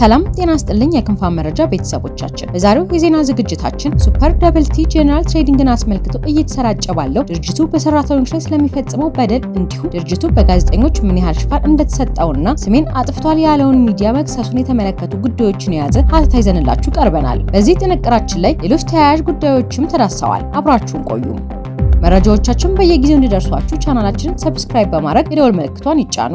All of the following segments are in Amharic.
ሰላም ጤና ስጥልኝ የክንፋን መረጃ ቤተሰቦቻችን፣ በዛሬው የዜና ዝግጅታችን ሱፐር ደብልቲ ጄኔራል ትሬዲንግን አስመልክቶ እየተሰራጨ ባለው ድርጅቱ በሰራተኞች ላይ ስለሚፈጽመው በደል እንዲሁም ድርጅቱ በጋዜጠኞች ምን ያህል ሽፋን እንደተሰጠውና ስሜን አጥፍቷል ያለውን ሚዲያ መክሰሱን የተመለከቱ ጉዳዮችን የያዘ ሀተታ ይዘንላችሁ ቀርበናል። በዚህ ጥንቅራችን ላይ ሌሎች ተያያዥ ጉዳዮችም ተዳሰዋል። አብራችሁን ቆዩ። መረጃዎቻችን በየጊዜው እንዲደርሷችሁ ቻናላችንን ሰብስክራይብ በማድረግ የደወል ምልክቷን ይጫኑ።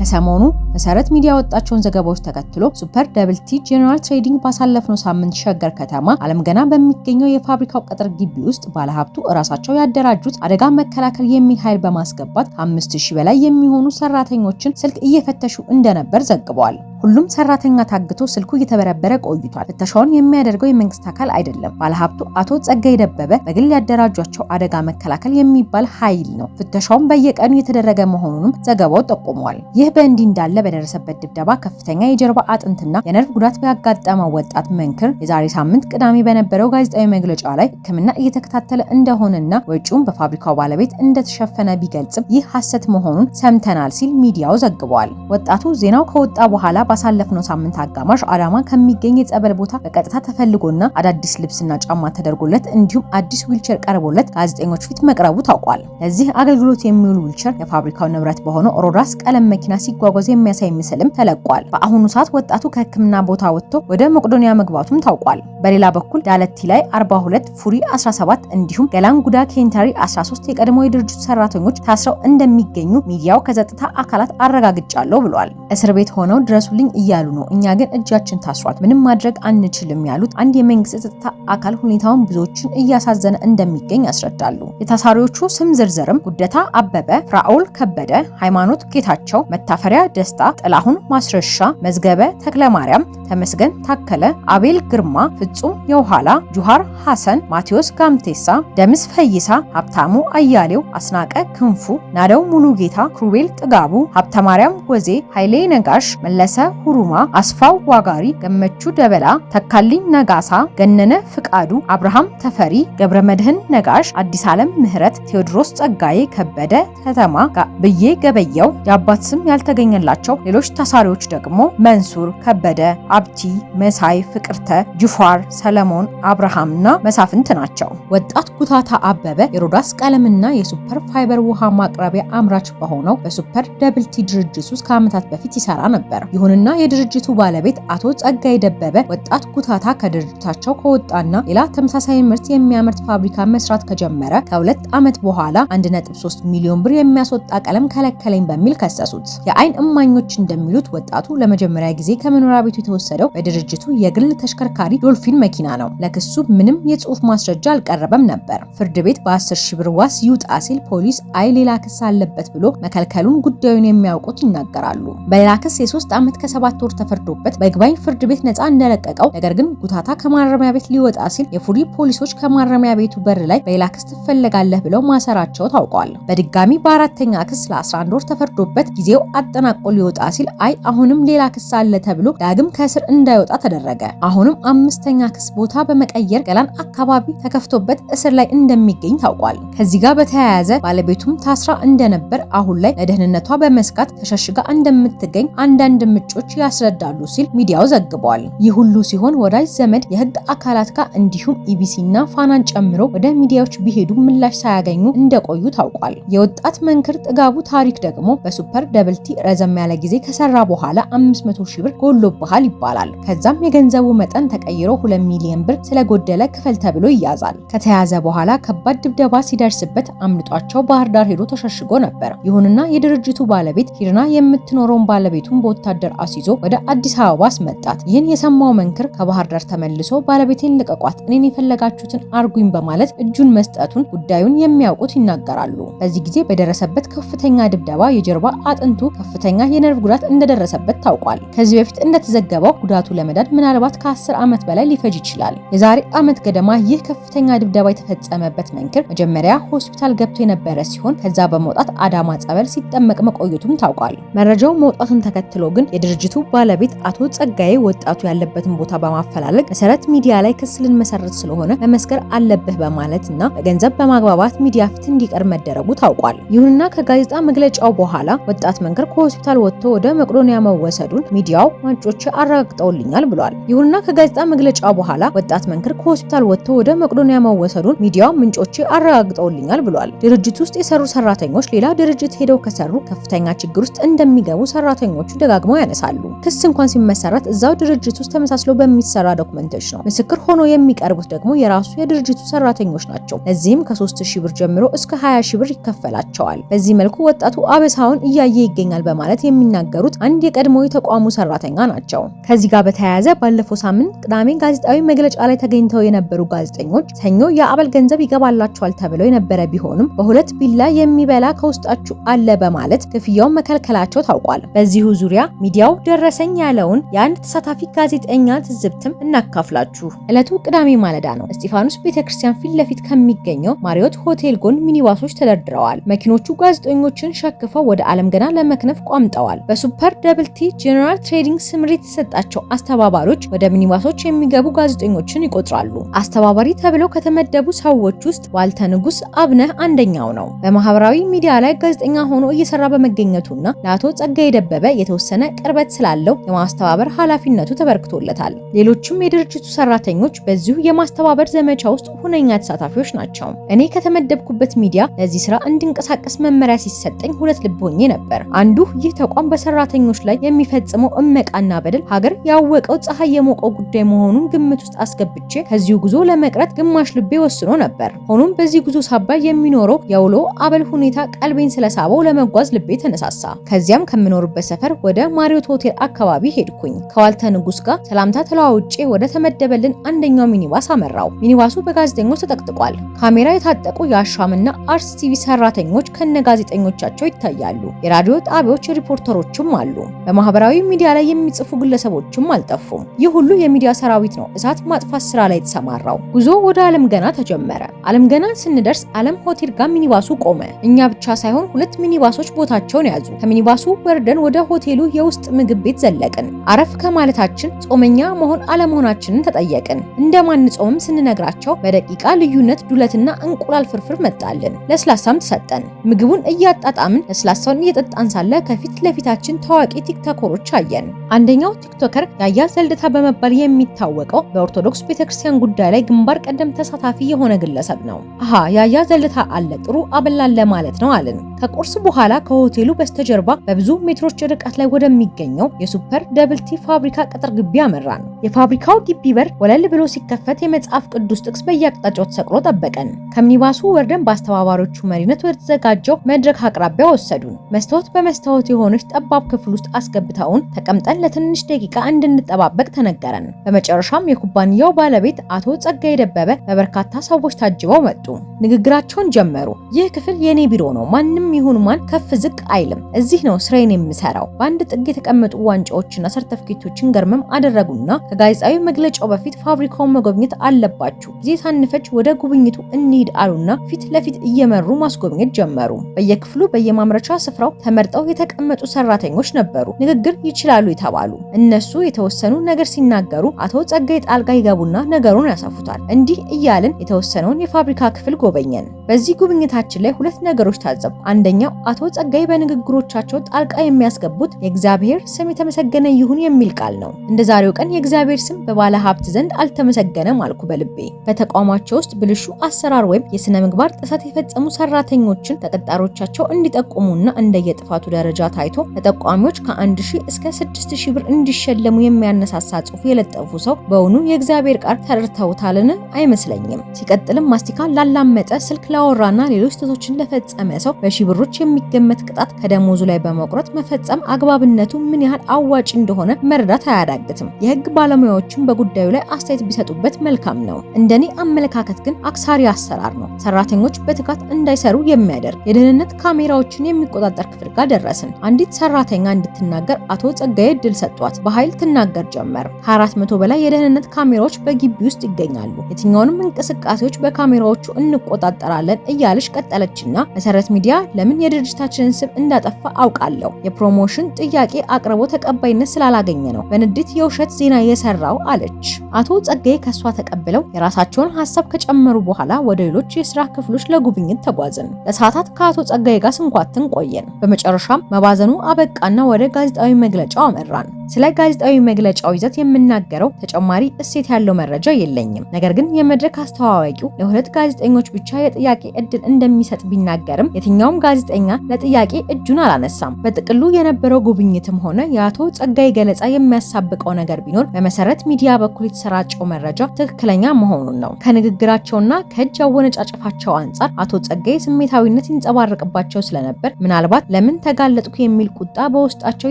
ከሰሞኑ መሰረት ሚዲያ ያወጣቸውን ዘገባዎች ተከትሎ ሱፐር ደብል ቲ ጄኔራል ትሬዲንግ ባሳለፍነው ሳምንት ሸገር ከተማ አለም ገና በሚገኘው የፋብሪካው ቅጥር ግቢ ውስጥ ባለሀብቱ እራሳቸው ያደራጁት አደጋ መከላከል የሚል ኃይል በማስገባት ከአምስት ሺህ በላይ የሚሆኑ ሰራተኞችን ስልክ እየፈተሹ እንደነበር ዘግበዋል። ሁሉም ሰራተኛ ታግቶ ስልኩ እየተበረበረ ቆይቷል። ፍተሻውን የሚያደርገው የመንግስት አካል አይደለም። ባለሀብቱ አቶ ጸጋይ ደበበ በግል ያደራጇቸው አደጋ መከላከል የሚባል ኃይል ነው። ፍተሻውን በየቀኑ የተደረገ መሆኑንም ዘገባው ጠቁሟል። ይህ በእንዲህ እንዳለ በደረሰበት ድብደባ ከፍተኛ የጀርባ አጥንትና የነርቭ ጉዳት ያጋጠመው ወጣት መንክር የዛሬ ሳምንት ቅዳሜ በነበረው ጋዜጣዊ መግለጫ ላይ ሕክምና እየተከታተለ እንደሆነና ወጪውም በፋብሪካው ባለቤት እንደተሸፈነ ቢገልጽም ይህ ሐሰት መሆኑን ሰምተናል ሲል ሚዲያው ዘግቧል። ወጣቱ ዜናው ከወጣ በኋላ ባሳለፍነው ሳምንት አጋማሽ አዳማ ከሚገኝ የጸበል ቦታ በቀጥታ ተፈልጎና አዳዲስ ልብስና ጫማ ተደርጎለት እንዲሁም አዲስ ዊልቸር ቀርቦለት ጋዜጠኞች ፊት መቅረቡ ታውቋል። ለዚህ አገልግሎት የሚውል ዊልቸር የፋብሪካው ንብረት በሆነ ሮዳስ ቀለም መኪና ሲጓጓዝ የሚያሳይ ምስልም ተለቋል። በአሁኑ ሰዓት ወጣቱ ከህክምና ቦታ ወጥቶ ወደ መቅዶኒያ መግባቱም ታውቋል። በሌላ በኩል ዳለቲ ላይ 42 ፉሪ 17 እንዲሁም ገላንጉዳ ኬንታሪ 13 የቀድሞ የድርጅቱ ሰራተኞች ታስረው እንደሚገኙ ሚዲያው ከጸጥታ አካላት አረጋግጫለሁ ብሏል። እስር ቤት ሆነው ድረሱ አስወጡልኝ እያሉ ነው። እኛ ግን እጃችን ታስሯል፣ ምንም ማድረግ አንችልም ያሉት አንድ የመንግስት የጸጥታ አካል ሁኔታውን ብዙዎችን እያሳዘነ እንደሚገኝ ያስረዳሉ። የታሳሪዎቹ ስም ዝርዝርም ጉደታ አበበ፣ ፍራኦል ከበደ፣ ሃይማኖት ጌታቸው፣ መታፈሪያ ደስታ፣ ጥላሁን ማስረሻ፣ መዝገበ ተክለማርያም፣ ተመስገን ታከለ፣ አቤል ግርማ፣ ፍጹም የውኋላ፣ ጁሃር ሐሰን፣ ማቴዎስ ጋምቴሳ፣ ደምስ ፈይሳ፣ ሀብታሙ አያሌው፣ አስናቀ ክንፉ፣ ናደው ሙሉጌታ፣ ክሩቤል ጥጋቡ፣ ሀብተማርያም ወዜ፣ ኃይሌ ነጋሽ፣ መለሰ ሁሩማ፣ አስፋው ዋጋሪ፣ ገመቹ ደበላ፣ ተካልኝ ነጋሳ፣ ገነነ ፍቃዱ፣ አብርሃም ተፈሪ፣ ገብረመድህን ነጋሽ፣ አዲስ ዓለም ምህረት፣ ቴዎድሮስ ጸጋዬ፣ ከበደ ከተማ፣ ብዬ ገበየው የአባት ስም ያልተገኘላቸው ሌሎች ታሳሪዎች ደግሞ መንሱር ከበደ፣ አብቲ መሳይ፣ ፍቅርተ ጅፋር፣ ሰለሞን አብርሃምና መሳፍንት ናቸው። ወጣት ጉታታ አበበ የሮዳስ ቀለምና የሱፐር ፋይበር ውሃ ማቅረቢያ አምራች በሆነው በሱፐር ደብልቲ ድርጅት ውስጥ ከዓመታት በፊት ይሰራ ነበር። ይሁን እና የድርጅቱ ባለቤት አቶ ጸጋይ ደበበ ወጣት ጉታታ ከድርጅታቸው ከወጣና ሌላ ተመሳሳይ ምርት የሚያመርት ፋብሪካ መስራት ከጀመረ ከሁለት ዓመት በኋላ 1.3 ሚሊዮን ብር የሚያስወጣ ቀለም ከለከለኝ በሚል ከሰሱት። የአይን እማኞች እንደሚሉት ወጣቱ ለመጀመሪያ ጊዜ ከመኖሪያ ቤቱ የተወሰደው በድርጅቱ የግል ተሽከርካሪ ዶልፊን መኪና ነው። ለክሱ ምንም የጽሁፍ ማስረጃ አልቀረበም ነበር። ፍርድ ቤት በ10 ሺህ ብር ዋስ ይውጣ ሲል ፖሊስ አይ ሌላ ክስ አለበት ብሎ መከልከሉን ጉዳዩን የሚያውቁት ይናገራሉ። በሌላ ክስ የሶስት ዓመት ሰባት ወር ተፈርዶበት በይግባኝ ፍርድ ቤት ነፃ እንደለቀቀው፣ ነገር ግን ጉታታ ከማረሚያ ቤት ሊወጣ ሲል የፉሪ ፖሊሶች ከማረሚያ ቤቱ በር ላይ በሌላ ክስ ትፈለጋለህ ብለው ማሰራቸው ታውቋል። በድጋሚ በአራተኛ ክስ ለ11 ወር ተፈርዶበት ጊዜው አጠናቆ ሊወጣ ሲል አይ አሁንም ሌላ ክስ አለ ተብሎ ዳግም ከእስር እንዳይወጣ ተደረገ። አሁንም አምስተኛ ክስ ቦታ በመቀየር ገላን አካባቢ ተከፍቶበት እስር ላይ እንደሚገኝ ታውቋል። ከዚህ ጋር በተያያዘ ባለቤቱም ታስራ እንደነበር አሁን ላይ ለደህንነቷ በመስጋት ተሸሽጋ እንደምትገኝ አንዳንድ ምንጮች ምንጮች ያስረዳሉ ሲል ሚዲያው ዘግቧል። ይህ ሁሉ ሲሆን ወዳጅ ዘመድ የህግ አካላት ጋር እንዲሁም እና ፋናን ጨምሮ ወደ ሚዲያዎች ቢሄዱ ምላሽ ሳያገኙ እንደቆዩ ታውቋል። የወጣት መንክር ጥጋቡ ታሪክ ደግሞ በሱፐር ደብልቲ ረዘም ያለ ጊዜ ከሰራ በኋላ 500 ሺህ ብር ጎሎብሃል ይባላል። ከዛም የገንዘቡ መጠን ተቀይሮ 2 ሚሊዮን ብር ስለጎደለ ክፈል ተብሎ ይያዛል። ከተያዘ በኋላ ከባድ ድብደባ ሲደርስበት አምልጧቸው ባህር ዳር ሄዶ ተሸሽጎ ነበር። ይሁንና የድርጅቱ ባለቤት ሂርና የምትኖረውን ባለቤቱን በወታደር አስይዞ ወደ አዲስ አበባ አስመጣት። ይህን የሰማው መንክር ከባህር ዳር ተመልሶ ባለቤቴን ልቀቋት፣ እኔን የፈለጋችሁትን አርጉኝ በማለት እጁን መስጠቱን ጉዳዩን የሚያውቁት ይናገራሉ። በዚህ ጊዜ በደረሰበት ከፍተኛ ድብደባ የጀርባ አጥንቱ ከፍተኛ የነርቭ ጉዳት እንደደረሰበት ታውቋል። ከዚህ በፊት እንደተዘገበው ጉዳቱ ለመዳድ ምናልባት ከአስር ዓመት በላይ ሊፈጅ ይችላል። የዛሬ ዓመት ገደማ ይህ ከፍተኛ ድብደባ የተፈጸመበት መንክር መጀመሪያ ሆስፒታል ገብቶ የነበረ ሲሆን ከዛ በመውጣት አዳማ ጸበል ሲጠመቅ መቆየቱም ታውቋል። መረጃው መውጣቱን ተከትሎ ግን የድርጅቱ ባለቤት አቶ ጸጋዬ ወጣቱ ያለበትን ቦታ በማፈላለግ መሰረት ሚዲያ ላይ ክስ ልንመሰርት ስለሆነ መመስከር አለብህ በማለት እና በገንዘብ በማግባባት ሚዲያ ፊት እንዲቀር መደረጉ ታውቋል። ይሁንና ከጋዜጣ መግለጫው በኋላ ወጣት መንገር ከሆስፒታል ወጥቶ ወደ መቄዶንያ መወሰዱን ሚዲያው ምንጮች አረጋግጠውልኛል ብሏል። ይሁንና ከጋዜጣ መግለጫ በኋላ ወጣት መንገር ከሆስፒታል ወጥቶ ወደ መቄዶንያ መወሰዱን ሚዲያው ምንጮች አረጋግጠውልኛል ብሏል። ድርጅት ውስጥ የሰሩ ሰራተኞች ሌላ ድርጅት ሄደው ከሰሩ ከፍተኛ ችግር ውስጥ እንደሚገቡ ሰራተኞቹ ደጋግመው ያነሳል። ይጠቀሳሉ። ክስ እንኳን ሲመሰረት እዛው ድርጅት ውስጥ ተመሳስሎ በሚሰራ ዶክመንቶች ነው። ምስክር ሆኖ የሚቀርቡት ደግሞ የራሱ የድርጅቱ ሰራተኞች ናቸው። ለዚህም ከ3000 ብር ጀምሮ እስከ 20000 ብር ይከፈላቸዋል። በዚህ መልኩ ወጣቱ አበሳውን እያየ ይገኛል በማለት የሚናገሩት አንድ የቀድሞ የተቋሙ ሰራተኛ ናቸው። ከዚህ ጋር በተያያዘ ባለፈው ሳምንት ቅዳሜ ጋዜጣዊ መግለጫ ላይ ተገኝተው የነበሩ ጋዜጠኞች ሰኞ የአበል ገንዘብ ይገባላቸዋል ተብለው የነበረ ቢሆንም በሁለት ቢላ የሚበላ ከውስጣችሁ አለ በማለት ክፍያውን መከልከላቸው ታውቋል። በዚሁ ዙሪያ ሚዲያው ሌላው ደረሰኝ ያለውን የአንድ ተሳታፊ ጋዜጠኛ ትዝብትም እናካፍላችሁ። ዕለቱ ቅዳሜ ማለዳ ነው። እስጢፋኖስ ቤተክርስቲያን ፊት ለፊት ከሚገኘው ማሪዮት ሆቴል ጎን ሚኒባሶች ተደርድረዋል። መኪኖቹ ጋዜጠኞችን ሸክፈው ወደ ዓለም ገና ለመክነፍ ቋምጠዋል። በሱፐር ደብልቲ ጄኔራል ትሬዲንግ ስምሪት የተሰጣቸው አስተባባሪዎች ወደ ሚኒባሶች የሚገቡ ጋዜጠኞችን ይቆጥራሉ። አስተባባሪ ተብለው ከተመደቡ ሰዎች ውስጥ ዋልተ ንጉስ አብነህ አንደኛው ነው። በማህበራዊ ሚዲያ ላይ ጋዜጠኛ ሆኖ እየሰራ በመገኘቱና ለአቶ ጸጋዬ ደበበ የተወሰነ ቅርበ ቅርበት ስላለው የማስተባበር ኃላፊነቱ ተበርክቶለታል። ሌሎችም የድርጅቱ ሰራተኞች በዚሁ የማስተባበር ዘመቻ ውስጥ ሁነኛ ተሳታፊዎች ናቸው። እኔ ከተመደብኩበት ሚዲያ ለዚህ ስራ እንድንቀሳቀስ መመሪያ ሲሰጠኝ ሁለት ልብ ሆኜ ነበር። አንዱ ይህ ተቋም በሰራተኞች ላይ የሚፈጽመው እመቃና በደል ሀገር ያወቀው ፀሐይ የሞቀው ጉዳይ መሆኑን ግምት ውስጥ አስገብቼ ከዚሁ ጉዞ ለመቅረት ግማሽ ልቤ ወስኖ ነበር። ሆኖም በዚህ ጉዞ ሳባይ የሚኖረው የውሎ አበል ሁኔታ ቀልቤን ስለሳበው ለመጓዝ ልቤ ተነሳሳ። ከዚያም ከምኖርበት ሰፈር ወደ ማሪዮት ሆቴል አካባቢ ሄድኩኝ። ከዋልተ ንጉስ ጋር ሰላምታ ተለዋውጬ ወደ ተመደበልን አንደኛው ሚኒባስ አመራው። ሚኒባሱ በጋዜጠኞች ተጠቅጥቋል። ካሜራ የታጠቁ የአሻምና አርስ ቲቪ ሰራተኞች ከነ ጋዜጠኞቻቸው ይታያሉ። የራዲዮ ጣቢያዎች ሪፖርተሮችም አሉ። በማህበራዊ ሚዲያ ላይ የሚጽፉ ግለሰቦችም አልጠፉም። ይህ ሁሉ የሚዲያ ሰራዊት ነው እሳት ማጥፋት ስራ ላይ የተሰማራው። ጉዞ ወደ አለም ገና ተጀመረ። አለም ገና ስንደርስ አለም ሆቴል ጋር ሚኒባሱ ቆመ። እኛ ብቻ ሳይሆን ሁለት ሚኒባሶች ቦታቸውን ያዙ። ከሚኒባሱ ወርደን ወደ ሆቴሉ የውስጥ ምግብ ቤት ዘለቅን። አረፍ ከማለታችን ጾመኛ መሆን አለመሆናችንን ተጠየቅን። እንደማንጾምም ስንነግራቸው በደቂቃ ልዩነት ዱለትና እንቁላል ፍርፍር መጣልን፣ ለስላሳም ተሰጠን። ምግቡን እያጣጣምን ለስላሳውን እየጠጣን ሳለ ከፊት ለፊታችን ታዋቂ ቲክቶከሮች አየን። አንደኛው ቲክቶከር ያያ ዘልደታ በመባል የሚታወቀው በኦርቶዶክስ ቤተክርስቲያን ጉዳይ ላይ ግንባር ቀደም ተሳታፊ የሆነ ግለሰብ ነው። አሃ ያያ ዘልደታ አለ ጥሩ አበላለ ማለት ነው አልን። ከቁርስ በኋላ ከሆቴሉ በስተጀርባ በብዙ ሜትሮች ርቀት ላይ ወደሚገኝ ወደሚገኘው የሱፐር ደብልቲ ፋብሪካ ቅጥር ግቢ አመራ ነው። የፋብሪካው ግቢ በር ወለል ብሎ ሲከፈት የመጽሐፍ ቅዱስ ጥቅስ በየአቅጣጫው ተሰቅሎ ጠበቀን። ከምኒባሱ ወርደን በአስተባባሪዎቹ መሪነት ወደተዘጋጀው መድረክ አቅራቢያ ወሰዱን። መስታወት በመስታወት የሆነች ጠባብ ክፍል ውስጥ አስገብተውን ተቀምጠን ለትንሽ ደቂቃ እንድንጠባበቅ ተነገረን። በመጨረሻም የኩባንያው ባለቤት አቶ ጸጋዬ ደበበ በበርካታ ሰዎች ታጅበው መጡ። ንግግራቸውን ጀመሩ። ይህ ክፍል የኔ ቢሮ ነው። ማንም ይሁን ማን ከፍ ዝቅ አይልም። እዚህ ነው ስራዬን የምሰራው። በአንድ ጥግ የተቀመ የተቀመጡ ዋንጫዎችና ሰርተፍኬቶችን ገርመም አደረጉና ከጋዜጣዊ መግለጫው በፊት ፋብሪካውን መጎብኘት አለባችሁ፣ ጊዜ ሳንፈጅ ወደ ጉብኝቱ እንሂድ አሉና ፊት ለፊት እየመሩ ማስጎብኘት ጀመሩ። በየክፍሉ በየማምረቻ ስፍራው ተመርጠው የተቀመጡ ሰራተኞች ነበሩ፣ ንግግር ይችላሉ የተባሉ እነሱ የተወሰኑ ነገር ሲናገሩ አቶ ጸጋይ ጣልቃ ይገቡና ነገሩን ያሰፉታል። እንዲህ እያልን የተወሰነውን የፋብሪካ ክፍል ጎበኘን። በዚህ ጉብኝታችን ላይ ሁለት ነገሮች ታዘቡ። አንደኛው አቶ ጸጋይ በንግግሮቻቸው ጣልቃ የሚያስገቡት የእግዚአብሔር የእግዚአብሔር ስም የተመሰገነ ይሁን የሚል ቃል ነው። እንደ ዛሬው ቀን የእግዚአብሔር ስም በባለ ሀብት ዘንድ አልተመሰገነም አልኩ በልቤ። በተቋማቸው ውስጥ ብልሹ አሰራር ወይም የስነ ምግባር ጥሰት የፈጸሙ ሰራተኞችን ተቀጣሪዎቻቸው እንዲጠቁሙና እንደየጥፋቱ ደረጃ ታይቶ ተጠቋሚዎች ከአንድ ሺህ እስከ ስድስት ሺህ ብር እንዲሸለሙ የሚያነሳሳ ጽሑፍ የለጠፉ ሰው በውኑ የእግዚአብሔር ቃል ተረድተውታልን? አይመስለኝም። ሲቀጥልም ማስቲካ ላላመጠ፣ ስልክ ላወራና ሌሎች ስህተቶችን ለፈጸመ ሰው በሺህ ብሮች የሚገመት ቅጣት ከደሞዙ ላይ በመቁረጥ መፈጸም አግባብነቱ ምን ያህል አዋጭ እንደሆነ መረዳት አያዳግትም። የህግ ባለሙያዎችም በጉዳዩ ላይ አስተያየት ቢሰጡበት መልካም ነው። እንደኔ አመለካከት ግን አክሳሪ አሰራር ነው፣ ሰራተኞች በትጋት እንዳይሰሩ የሚያደርግ። የደህንነት ካሜራዎችን የሚቆጣጠር ክፍል ጋር ደረስን። አንዲት ሰራተኛ እንድትናገር አቶ ጸጋዬ እድል ሰጧት። በኃይል ትናገር ጀመር። ከአራት መቶ በላይ የደህንነት ካሜራዎች በግቢ ውስጥ ይገኛሉ። የትኛውንም እንቅስቃሴዎች በካሜራዎቹ እንቆጣጠራለን እያለች ቀጠለችና መሰረት ሚዲያ ለምን የድርጅታችንን ስም እንዳጠፋ አውቃለሁ የፕሮሞሽን ጥያቄ አቅርቦ ተቀባይነት ስላላገኘ ነው በንዴት የውሸት ዜና የሰራው አለች። አቶ ጸጋዬ ከእሷ ተቀብለው የራሳቸውን ሀሳብ ከጨመሩ በኋላ ወደ ሌሎች የስራ ክፍሎች ለጉብኝት ተጓዝን። ለሰዓታት ከአቶ ጸጋዬ ጋር ስንኳትን ቆየን። በመጨረሻም መባዘኑ አበቃና ወደ ጋዜጣዊ መግለጫው አመራን። ስለ ጋዜጣዊ መግለጫው ይዘት የምናገረው ተጨማሪ እሴት ያለው መረጃ የለኝም። ነገር ግን የመድረክ አስተዋዋቂው ለሁለት ጋዜጠኞች ብቻ የጥያቄ እድል እንደሚሰጥ ቢናገርም የትኛውም ጋዜጠኛ ለጥያቄ እጁን አላነሳም። በጥቅሉ የነበረው ጉብኝትም ሆነ ሆነ የአቶ ጸጋይ ገለጻ የሚያሳብቀው ነገር ቢኖር በመሰረት ሚዲያ በኩል የተሰራጨው መረጃ ትክክለኛ መሆኑን ነው። ከንግግራቸውና ከእጅ አወነጫጭፋቸው አንጻር አቶ ጸጋይ ስሜታዊነት ይንጸባረቅባቸው ስለነበር ምናልባት ለምን ተጋለጥኩ የሚል ቁጣ በውስጣቸው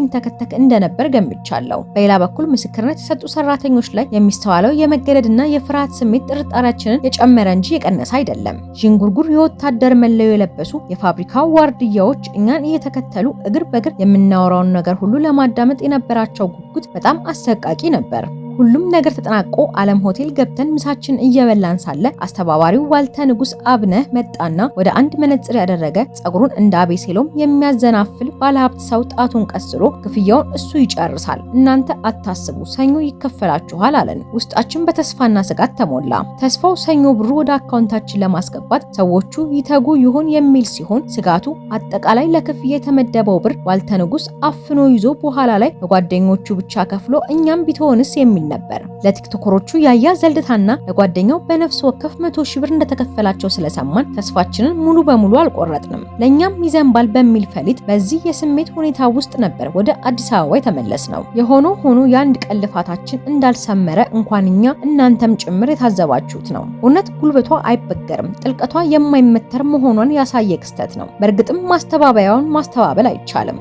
ይንተከተክ እንደነበር ገምቻለሁ። በሌላ በኩል ምስክርነት የሰጡ ሰራተኞች ላይ የሚስተዋለው የመገደድና የፍርሃት ስሜት ጥርጣሬያችንን የጨመረ እንጂ የቀነሰ አይደለም። ዥንጉርጉር የወታደር መለዮ የለበሱ የፋብሪካው ዋርድያዎች እኛን እየተከተሉ እግር በእግር የምናወራውን ነገር ሁሉ ለማዳመጥ የነበራቸው ጉጉት በጣም አሰቃቂ ነበር። ሁሉም ነገር ተጠናቆ አለም ሆቴል ገብተን ምሳችን እየበላን ሳለ አስተባባሪው ዋልተ ንጉስ አብነህ መጣና ወደ አንድ መነጽር ያደረገ ጸጉሩን እንደ አቤሴሎም የሚያዘናፍል ባለሀብት ሰው ጣቱን ቀስሎ ክፍያውን እሱ ይጨርሳል፣ እናንተ አታስቡ፣ ሰኞ ይከፈላችኋል አለን። ውስጣችን በተስፋና ስጋት ተሞላ። ተስፋው ሰኞ ብሩ ወደ አካውንታችን ለማስገባት ሰዎቹ ይተጉ ይሆን የሚል ሲሆን ስጋቱ አጠቃላይ ለክፍያ የተመደበው ብር ዋልተ ንጉስ አፍኖ ይዞ በኋላ ላይ ለጓደኞቹ ብቻ ከፍሎ እኛም ቢትሆንስ የሚል ነበር። ለቲክቶከሮቹ ያያ ዘልደታና ለጓደኛው በነፍስ ወከፍ መቶ ሺህ ብር እንደተከፈላቸው ስለሰማን ተስፋችንን ሙሉ በሙሉ አልቆረጥንም። ለእኛም ይዘንባል በሚል ፈሊጥ በዚህ የስሜት ሁኔታ ውስጥ ነበር ወደ አዲስ አበባ የተመለስ ነው። የሆነ ሆኖ የአንድ ቀን ልፋታችን እንዳልሰመረ እንኳን እኛ እናንተም ጭምር የታዘባችሁት ነው። እውነት ጉልበቷ አይበገርም፣ ጥልቀቷ የማይመተር መሆኗን ያሳየ ክስተት ነው። በእርግጥም ማስተባበያውን ማስተባበል አይቻልም።